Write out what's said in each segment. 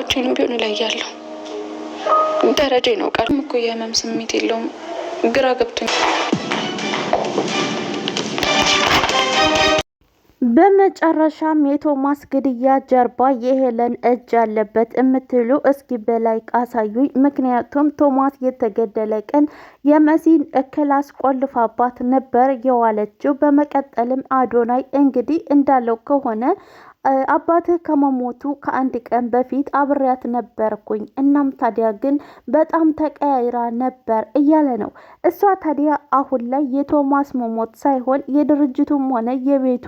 ብቻዎችንም ቢሆን እለያለሁ። ደረጃ ቃል እኮ የህመም ስሜት የለውም። ግራ ገብቶኛል። በመጨረሻም የቶማስ ግድያ ጀርባ የሄለን እጅ ያለበት የምትሉ እስኪ በላይ አሳዩኝ። ምክንያቱም ቶማስ የተገደለ ቀን የመሲን ክላስ ቆልፋባት ነበር የዋለችው። በመቀጠልም አዶናይ እንግዲህ እንዳለው ከሆነ አባትህ ከመሞቱ ከአንድ ቀን በፊት አብሬያት ነበርኩኝ። እናም ታዲያ ግን በጣም ተቀያይራ ነበር እያለ ነው። እሷ ታዲያ አሁን ላይ የቶማስ መሞት ሳይሆን የድርጅቱም ሆነ የቤቱ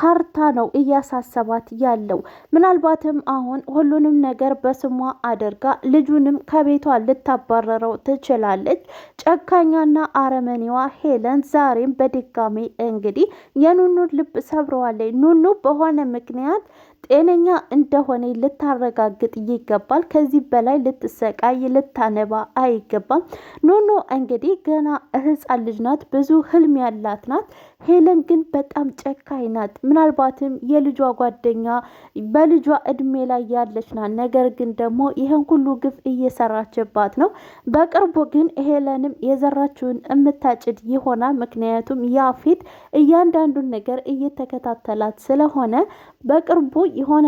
ካር ሩታ ነው እያሳሰባት ያለው። ምናልባትም አሁን ሁሉንም ነገር በስሟ አድርጋ ልጁንም ከቤቷ ልታባረረው ትችላለች። ጨካኛና አረመኔዋ ሄለን ዛሬም በድጋሚ እንግዲህ የኑኑ ልብ ሰብረዋለች። ኑኑ በሆነ ምክንያት ጤነኛ እንደሆነ ልታረጋግጥ ይገባል። ከዚህ በላይ ልትሰቃይ ልታነባ አይገባም። ኖኖ እንግዲህ ገና ህፃን ልጅ ናት፣ ብዙ ህልም ያላት ናት። ሄለን ግን በጣም ጨካኝ ናት። ምናልባትም የልጇ ጓደኛ በልጇ እድሜ ላይ ያለች ናት። ነገር ግን ደግሞ ይህን ሁሉ ግፍ እየሰራችባት ነው። በቅርቡ ግን ሄለንም የዘራችውን የምታጭድ ይሆናል። ምክንያቱም ያፌት እያንዳንዱን ነገር እየተከታተላት ስለሆነ በቅርቡ የሆነ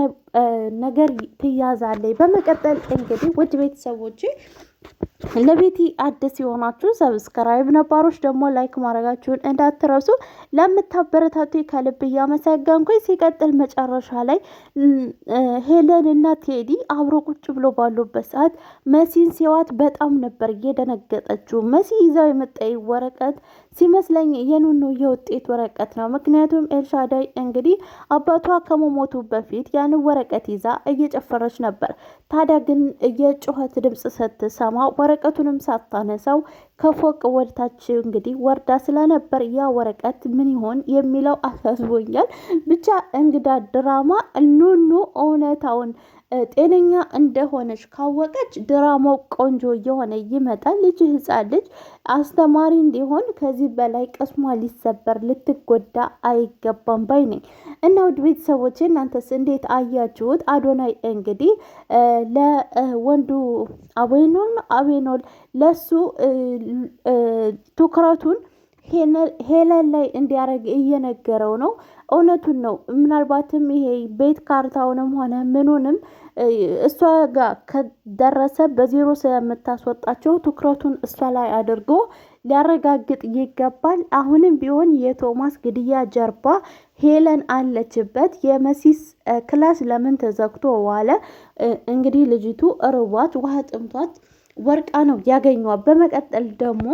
ነገር ትያዛለች። በመቀጠል እንግዲህ ውድ ቤተሰቦች ለቤቲ አዲስ የሆናችሁ ሰብስክራይብ፣ ነባሮች ደግሞ ላይክ ማድረጋችሁን እንዳትረሱ። ለምታበረታቱ ከልብ እያመሰገንኩኝ፣ ሲቀጥል መጨረሻ ላይ ሄለን እና ቴዲ አብሮ ቁጭ ብሎ ባሉበት ሰዓት መሲን ሲዋት በጣም ነበር እየደነገጠችው። መሲ ይዛው የመጣይ ወረቀት ሲመስለኝ የኑኑ የውጤት ወረቀት ነው። ምክንያቱም ኤልሻዳይ እንግዲህ አባቷ ከመሞቱ በፊት ያን ወረቀት ይዛ እየጨፈረች ነበር። ታዲያ ግን የጩኸት ድምፅ ስትሰማ ወረቀቱንም ሳታነሳው ከፎቅ ወደታች እንግዲህ ወርዳ ስለነበር ያ ወረቀት ምን ይሆን የሚለው አሳስቦኛል። ብቻ እንግዳ ድራማ ኑኑ እውነታውን ጤነኛ እንደሆነች ካወቀች ድራማው ቆንጆ እየሆነ ይመጣል። ልጅ ህፃን ልጅ አስተማሪ እንዲሆን ከዚህ በላይ ቅስሟ ሊሰበር ልትጎዳ አይገባም ባይ ነኝ እና ውድ ቤተሰቦች እናንተስ እንዴት አያችሁት? አዶናይ እንግዲህ ለወንዱ አቤኖል አቤኖል ለሱ ትኩረቱን ሄለን ላይ እንዲያደርግ እየነገረው ነው። እውነቱን ነው። ምናልባትም ይሄ ቤት ካርታውንም ሆነ ምኑንም እሷ ጋር ከደረሰ በዜሮ ስለምታስወጣቸው ትኩረቱን እሷ ላይ አድርጎ ሊያረጋግጥ ይገባል። አሁንም ቢሆን የቶማስ ግድያ ጀርባ ሄለን አለችበት። የመሲስ ክላስ ለምን ተዘግቶ ዋለ? እንግዲህ ልጅቱ እርቧት ውሃ ጥምቷት ወርቃ ነው ያገኘዋል። በመቀጠል ደግሞ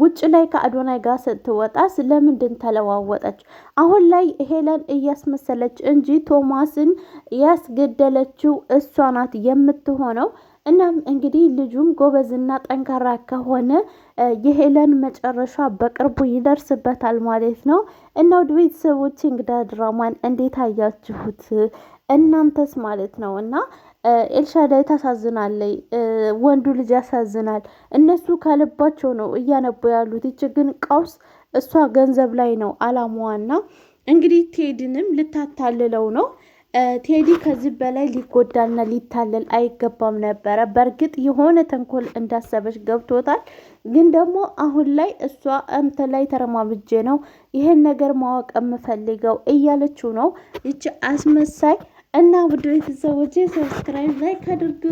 ውጭ ላይ ከአዶናይ ጋር ስትወጣ ስለምንድን ተለዋወጠች? አሁን ላይ ሄለን እያስመሰለች እንጂ ቶማስን ያስገደለችው እሷ ናት የምትሆነው። እናም እንግዲህ ልጁም ጎበዝና ጠንካራ ከሆነ የሄለን መጨረሻ በቅርቡ ይደርስበታል ማለት ነው። እና ውድ ቤተሰቦች እንግዳ ድራማን እንዴት አያችሁት እናንተስ ማለት ነው እና ኤልሻዳይ ታሳዝናለይ። ወንዱ ልጅ ያሳዝናል። እነሱ ከልባቸው ነው እያነቡ ያሉት። ይች ግን ቀውስ እሷ ገንዘብ ላይ ነው አላማዋና እንግዲህ ቴዲንም ልታታልለው ነው። ቴዲ ከዚህ በላይ ሊጎዳና ሊታለል አይገባም ነበረ። በእርግጥ የሆነ ተንኮል እንዳሰበች ገብቶታል። ግን ደግሞ አሁን ላይ እሷ እንተ ላይ ተረማምጄ ነው ይሄን ነገር ማወቅ የምፈልገው እያለችው ነው ይች አስመሳይ እና ውድ ቤተሰቦቼ ሰብስክራይብ ላይክ አድርጉ።